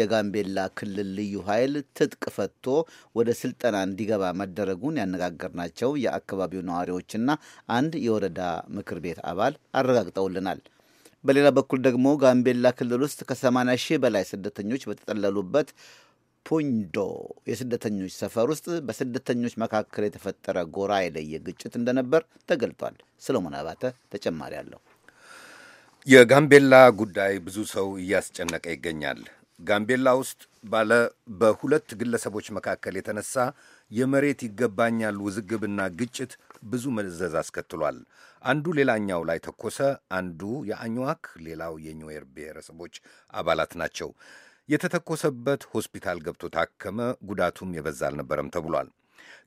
የጋምቤላ ክልል ልዩ ኃይል ትጥቅ ፈቶ ወደ ስልጠና እንዲገባ መደረጉን ያነጋገርናቸው የአካባቢው ነዋሪዎችና አንድ የወረዳ ምክር ቤት አባል አረጋግጠውልናል። በሌላ በኩል ደግሞ ጋምቤላ ክልል ውስጥ ከ80 ሺህ በላይ ስደተኞች በተጠለሉበት ፑንዶ የስደተኞች ሰፈር ውስጥ በስደተኞች መካከል የተፈጠረ ጎራ የለየ ግጭት እንደነበር ተገልጧል። ሰሎሞን አባተ ተጨማሪ አለው። የጋምቤላ ጉዳይ ብዙ ሰው እያስጨነቀ ይገኛል። ጋምቤላ ውስጥ ባለ በሁለት ግለሰቦች መካከል የተነሳ የመሬት ይገባኛል ውዝግብና ግጭት ብዙ መዘዝ አስከትሏል። አንዱ ሌላኛው ላይ ተኮሰ። አንዱ የአኝዋክ ሌላው የኒዌር ብሔረሰቦች አባላት ናቸው። የተተኮሰበት ሆስፒታል ገብቶ ታከመ። ጉዳቱም የበዛ አልነበረም ተብሏል።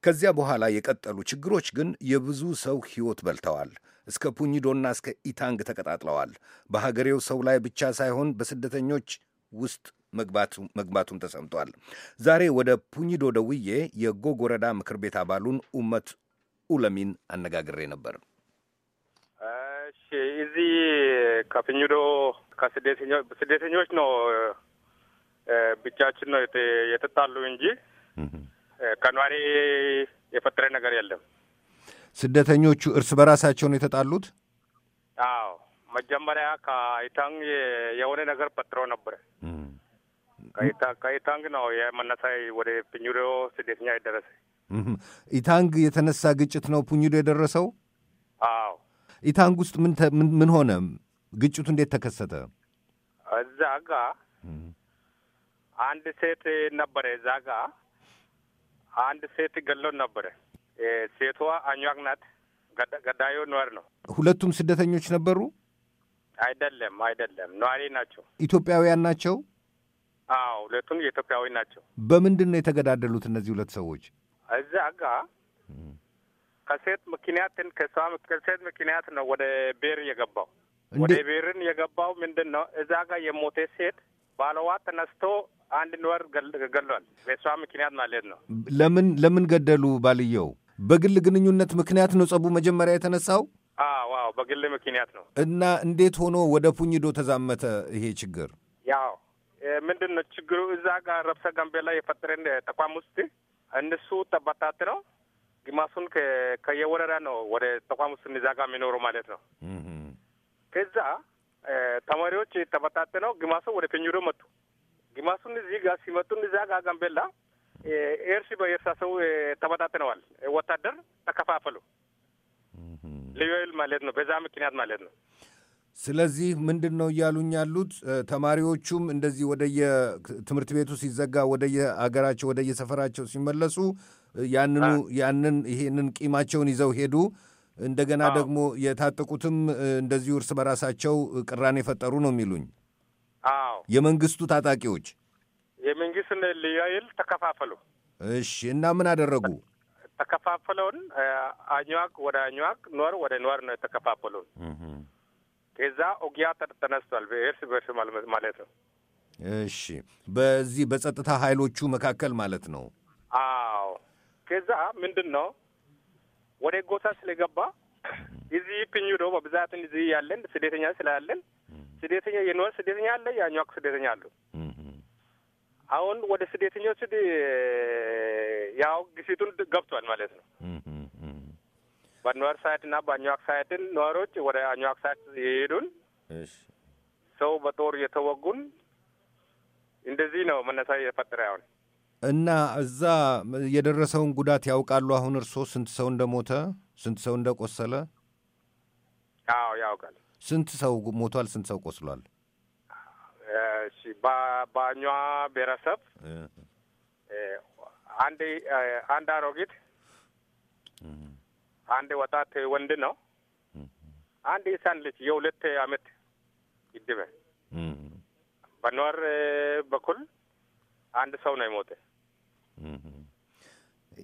ከዚያ በኋላ የቀጠሉ ችግሮች ግን የብዙ ሰው ሕይወት በልተዋል። እስከ ፑኝዶና እስከ ኢታንግ ተቀጣጥለዋል። በሀገሬው ሰው ላይ ብቻ ሳይሆን በስደተኞች ውስጥ መግባቱም ተሰምቷል። ዛሬ ወደ ፑኝዶ ደውዬ የጎግ ወረዳ ምክር ቤት አባሉን ኡመት ኡለሚን አነጋግሬ ነበር። እዚህ ከፑኝዶ ከስደተኞች ነው ብቻችን ነው የተጣሉ እንጂ ከኗሪ የፈጠረ ነገር የለም። ስደተኞቹ እርስ በራሳቸው ነው የተጣሉት። አዎ መጀመሪያ ከአይታን የሆነ ነገር ፈጥሮ ነበር። ከኢታንግ ነው የመነሳይ ወደ ፕኙዶ ስደተኛ የደረሰ ኢታንግ የተነሳ ግጭት ነው ፕኙዶ የደረሰው። አዎ ኢታንግ ውስጥ ምን ሆነ? ግጭቱ እንዴት ተከሰተ? እዛ ጋ አንድ ሴት ነበረ። እዛ ጋ አንድ ሴት ገሎን ነበረ። ሴቷ አኟክ ናት። ገዳዩ ነዋሪ ነው። ሁለቱም ስደተኞች ነበሩ? አይደለም፣ አይደለም ነዋሪ ናቸው። ኢትዮጵያውያን ናቸው። አዎ ሁለቱም የኢትዮጵያዊ ናቸው። በምንድን ነው የተገዳደሉት እነዚህ ሁለት ሰዎች? እዛ ጋ ከሴት ምክንያትን ከሷ ከሴት ምክንያት ነው ወደ ቤር የገባው። ወደ ቤርን የገባው ምንድን ነው እዛ ጋር የሞተ ሴት ባለዋ ተነስቶ አንድ ወር ገሏል። በሷ ምክንያት ማለት ነው። ለምን ለምን ገደሉ? ባልየው በግል ግንኙነት ምክንያት ነው ጸቡ መጀመሪያ የተነሳው። አዎ በግል ምክንያት ነው። እና እንዴት ሆኖ ወደ ፑኝዶ ተዛመተ ይሄ ችግር? ምንድን ነው ችግሩ? እዛ ጋር ረብሰ ጋምቤላ የፈጠረን ተቋም ውስጥ እነሱ ተበታት ነው። ግማሱን ከየወረዳ ነው ወደ ተቋም ውስጥ እዛ ጋር የሚኖሩ ማለት ነው። ከዛ ተማሪዎች ተበታት ነው። ግማሱ ወደ ፊንጆሮ መጡ። ግማሱን እዚህ ጋር ሲመጡ እዛ ጋር ጋምቤላ ኤርሲ በእርሳ ሰው ተበታትነዋል። ወታደር ተከፋፈሉ። ልዩ ኃይል ማለት ነው። በዛ ምክንያት ማለት ነው ስለዚህ ምንድን ነው እያሉኝ ያሉት ተማሪዎቹም እንደዚህ ወደየ ትምህርት ቤቱ ሲዘጋ ወደየ አገራቸው ወደየ ሰፈራቸው ሲመለሱ ያንኑ ያንን ይሄንን ቂማቸውን ይዘው ሄዱ። እንደገና ደግሞ የታጠቁትም እንደዚሁ እርስ በራሳቸው ቅራኔ የፈጠሩ ነው የሚሉኝ። አዎ የመንግስቱ ታጣቂዎች የመንግስት ልያይል ተከፋፈሉ። እሺ እና ምን አደረጉ? ተከፋፈለውን አኝዋክ ወደ አኝዋክ፣ ኖር ወደ ኖር ነው የተከፋፈሉን ከዛ ውጊያ ተነስቷል፣ እርስ በርስ ማለት ነው። እሺ፣ በዚህ በጸጥታ ኃይሎቹ መካከል ማለት ነው። አዎ። ከዛ ምንድን ነው ወደ ጎሳ ስለገባ እዚህ ፕኙ ደ በብዛትን እዚህ ያለን ስደተኛ ስላለን ስደተኛ የኖር ስደተኛ አለ፣ ያኛው ስደተኛ አሉ። አሁን ወደ ስደተኞች ያው ግፊቱን ገብቷል ማለት ነው። በኖር ሳይድ እና በአኟዋክ ሳይድን ነዋሪዎች ወደ አኟዋክ ሳይድ የሄዱን ሰው በጦር የተወጉን እንደዚህ ነው መነሳ የፈጠረ አሁን እና እዛ የደረሰውን ጉዳት ያውቃሉ። አሁን እርስዎ ስንት ሰው እንደሞተ ስንት ሰው እንደቆሰለ? አዎ ያውቃል። ስንት ሰው ሞቷል? ስንት ሰው ቆስሏል? በእኛ ብሔረሰብ አንድ አንድ አሮጊት አንድ ወጣት ወንድ ነው፣ አንድ ህፃን ልጅ የሁለት አመት ይድበ በኗር በኩል አንድ ሰው ነው የሞተ።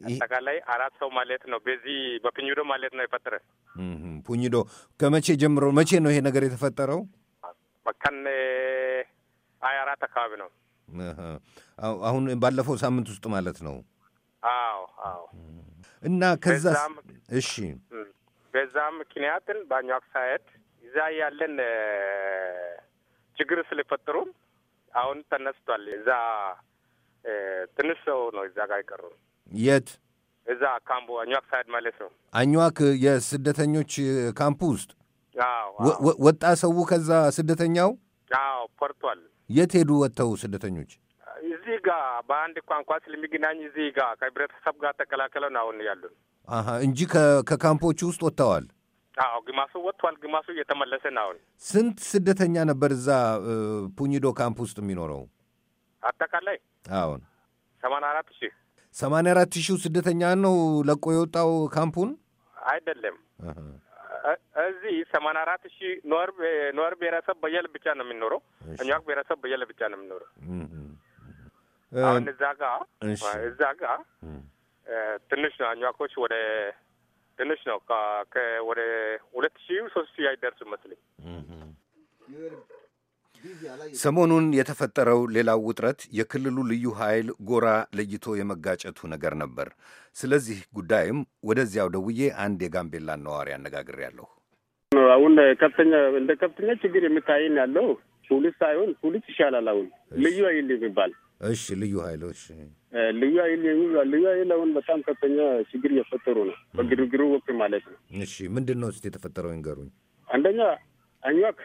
አጠቃላይ አራት ሰው ማለት ነው። በዚህ በፕኝዶ ማለት ነው የፈጠረ ፑኝዶ። ከመቼ ጀምሮ መቼ ነው ይሄ ነገር የተፈጠረው? በቀን ሀያ አራት አካባቢ ነው። አሁን ባለፈው ሳምንት ውስጥ ማለት ነው። አዎ አዎ። እና ከዛ እሺ በዛ ምክንያት ባኛክ ሳይድ እዛ ያለን ችግር ስለፈጠሩ አሁን ተነስቷል። እዛ ትንሽ ሰው ነው እዛ ጋር ይቀሩ። የት? እዛ ካምፑ አኟክ ሳይድ ማለት ነው። አኟክ የስደተኞች ካምፕ ውስጥ ወጣ ሰው ከዛ ስደተኛው። አዎ፣ ፈርቷል። የት ሄዱ ወጥተው ስደተኞች? እዚህ በአንድ ቋንቋ ስለሚገናኝ እዚህ ጋር ከህብረተሰብ ጋር ተቀላቀለ አሁን ያሉን እንጂ ከካምፖቹ ውስጥ ወጥተዋል። አዎ ግማሱ ወጥቷል፣ ግማሱ እየተመለሰ ነው አሁን። ስንት ስደተኛ ነበር እዛ ፑኝዶ ካምፕ ውስጥ የሚኖረው? አጠቃላይ አሁን ሰማንያ አራት ሺህ ሰማንያ አራት ሺህ ስደተኛ ነው ለቆ የወጣው ካምፑን አይደለም እዚህ ሰማንያ አራት ሺህ ኖር ብሔረሰብ በየል ብቻ ነው የሚኖረው። እኛ ብሔረሰብ በየል ብቻ ነው የሚኖረው። አሁን እዛ ጋ እዛ ጋ ትንሽ ነው አኟኮች ወደ ትንሽ ነው ወደ ሁለት ሺ ሶስት ሺ አይደርስም መስለኝ። ሰሞኑን የተፈጠረው ሌላው ውጥረት የክልሉ ልዩ ኃይል ጎራ ለይቶ የመጋጨቱ ነገር ነበር። ስለዚህ ጉዳይም ወደዚያው ደውዬ አንድ የጋምቤላ ነዋሪ አነጋግሬያለሁ። አሁን ከፍተኛ እንደ ከፍተኛ ችግር የምታይን ያለው ፖሊስ ሳይሆን ፖሊስ ይሻላል። አሁን ልዩ ኃይል የሚባል እሺ ልዩ ኃይል እሺ ልዩ ኃይል ልዩ ኃይል አሁን በጣም ከፍተኛ ችግር እየፈጠሩ ነው፣ በግርግሩ ወቅት ማለት ነው። እሺ ምንድን ነው ስ የተፈጠረው ይንገሩኝ። አንደኛ አኟክ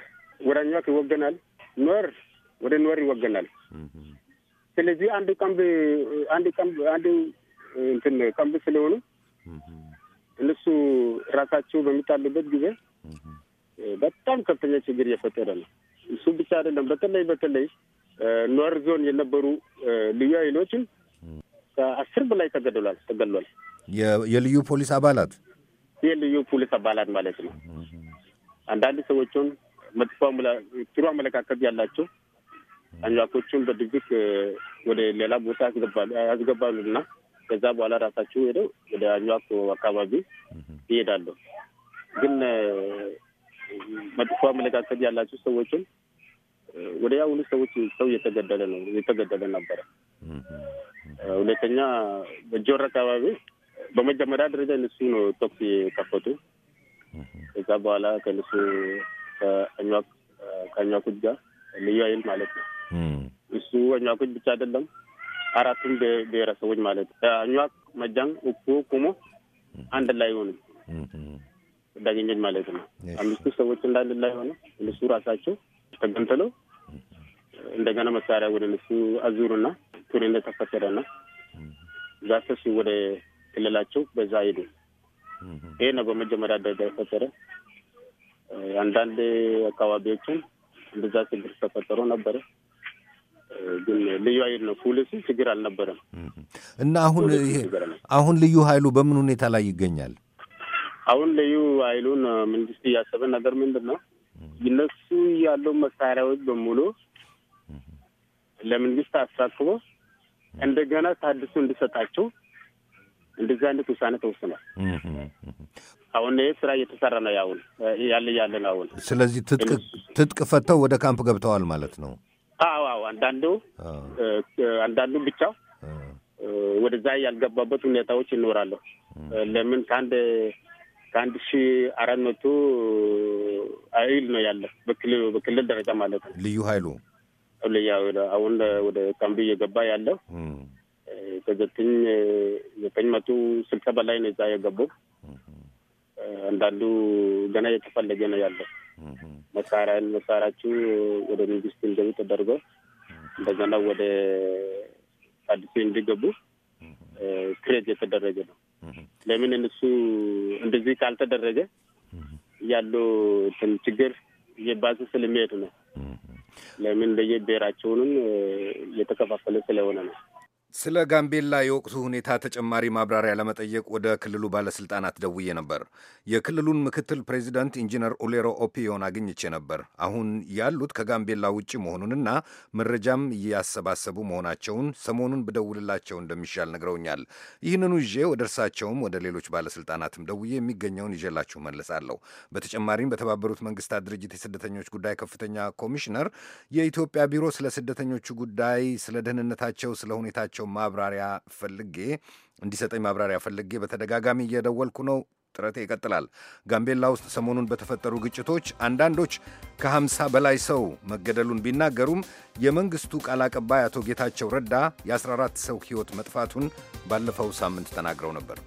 ወደ አኟክ ይወገናል፣ ኖር ወደ ኖር ይወገናል። ስለዚህ አንድ ቀንብ አንድ ቀንብ አንድ እንትን ቀንብ ስለሆኑ እነሱ ራሳቸው በሚጣሉበት ጊዜ በጣም ከፍተኛ ችግር እየፈጠረ ነው። እሱ ብቻ አይደለም፣ በተለይ በተለይ ኖር ዞን የነበሩ ልዩ ኃይሎችን ከአስር በላይ ተገድሏል ተገድሏል። የልዩ ፖሊስ አባላት የልዩ ፖሊስ አባላት ማለት ነው። አንዳንድ ሰዎቹን መጥፎ ጥሩ አመለካከት ያላቸው አንጃኮቹን በድብቅ ወደ ሌላ ቦታ ያስገባሉ እና ከዛ በኋላ ራሳቸው ሄደው ወደ አንጃኮ አካባቢ ይሄዳሉ። ግን መጥፎ አመለካከት ያላቸው ሰዎችን ወደ ያውኑ ሰዎች ሰው እየተገደለ ነው እየተገደለ ነበረ። ሁለተኛ በጆር አካባቢ በመጀመሪያ ደረጃ እነሱ ነው ተኩስ የከፈቱ። ከዛ በኋላ ከእነሱ ከአኟኩት ጋር ልዩ ኃይል ማለት ነው እሱ አኟኩት ብቻ አይደለም አራቱም ብሔረሰቦች ማለት ነው አኟክ፣ መጃን፣ እኩ፣ ኩሞ አንድ ላይ ሆኑ እንዳገኘን ማለት ነው። አምስቱ ሰዎች እንዳንድ ላይ ሆነ እነሱ ራሳቸው ተገንጥለው እንደገና መሳሪያ ወደ እነሱ አዙሩና ቱሪ ቱሬ እንደተፈሰደና ዛተሱ ወደ ክልላቸው በዛ ሄዱ። ይሄ ነው በመጀመሪያ ደረጃ የፈጠረ። አንዳንድ አካባቢዎችን እንደዛ ችግር ተፈጠሮ ነበረ። ግን ልዩ ኃይል ነው ፖሊሲ ችግር አልነበረም። እና አሁን ይሄ አሁን ልዩ ኃይሉ በምን ሁኔታ ላይ ይገኛል? አሁን ልዩ ኃይሉን መንግስት እያሰበ ነገር ምንድን ነው ለሱ ያለው መሳሪያዎች በሙሉ ለመንግስት አሳስቦ እንደገና ታድሱ እንዲሰጣቸው እንደዚህ አይነት ውሳኔ ተወስኗል። አሁን ይህ ስራ እየተሰራ ነው ያሁን ያለ ያለ ነው አሁን። ስለዚህ ትጥቅ ፈተው ወደ ካምፕ ገብተዋል ማለት ነው። አዎ አዎ። አንዳንዱ አንዳንዱ ብቻው ወደዛ ያልገባበት ሁኔታዎች ይኖራሉ። ለምን ከአንድ ከአንድ ሺ አራት መቶ አይል ነው ያለ በክልል ደረጃ ማለት ነው። ልዩ ኃይሉ አሁን ወደ ካምቢ እየገባ ያለው ከዘጠኝ ዘጠኝ መቶ ስልሳ በላይ ነው እዛ የገባው። አንዳንዱ ገና እየተፈለገ ነው ያለው መሳሪያ መሳሪያችሁ ወደ መንግስት እንዲገቡ ተደርጎ እንደገና ወደ አዲስ እንዲገቡ ክሬት የተደረገ ነው። ለምን እነሱ እንደዚህ ካልተደረገ ያለው ችግር እየባሰ ስለሚሄድ ነው። ለምን በየብሔራቸውንም የተከፋፈለ ስለሆነ ነው። ስለ ጋምቤላ የወቅቱ ሁኔታ ተጨማሪ ማብራሪያ ለመጠየቅ ወደ ክልሉ ባለስልጣናት ደውዬ ነበር። የክልሉን ምክትል ፕሬዚደንት ኢንጂነር ኦሌሮ ኦፒዮን አግኝቼ ነበር። አሁን ያሉት ከጋምቤላ ውጭ መሆኑንና መረጃም እያሰባሰቡ መሆናቸውን ሰሞኑን ብደውልላቸው እንደሚሻል ነግረውኛል። ይህንኑ ይዤ ወደ እርሳቸውም ወደ ሌሎች ባለሥልጣናትም ደውዬ የሚገኘውን ይዤላችሁ መለሳለሁ። በተጨማሪም በተባበሩት መንግስታት ድርጅት የስደተኞች ጉዳይ ከፍተኛ ኮሚሽነር የኢትዮጵያ ቢሮ ስለ ስደተኞቹ ጉዳይ፣ ስለ ደህንነታቸው፣ ስለ ሁኔታቸው ማብራሪያ ፈልጌ እንዲሰጠኝ ማብራሪያ ፈልጌ በተደጋጋሚ እየደወልኩ ነው። ጥረቴ ይቀጥላል። ጋምቤላ ውስጥ ሰሞኑን በተፈጠሩ ግጭቶች አንዳንዶች ከ በላይ ሰው መገደሉን ቢናገሩም የመንግስቱ ቃል አቀባይ አቶ ጌታቸው ረዳ የ14 ሰው ሕይወት መጥፋቱን ባለፈው ሳምንት ተናግረው ነበር።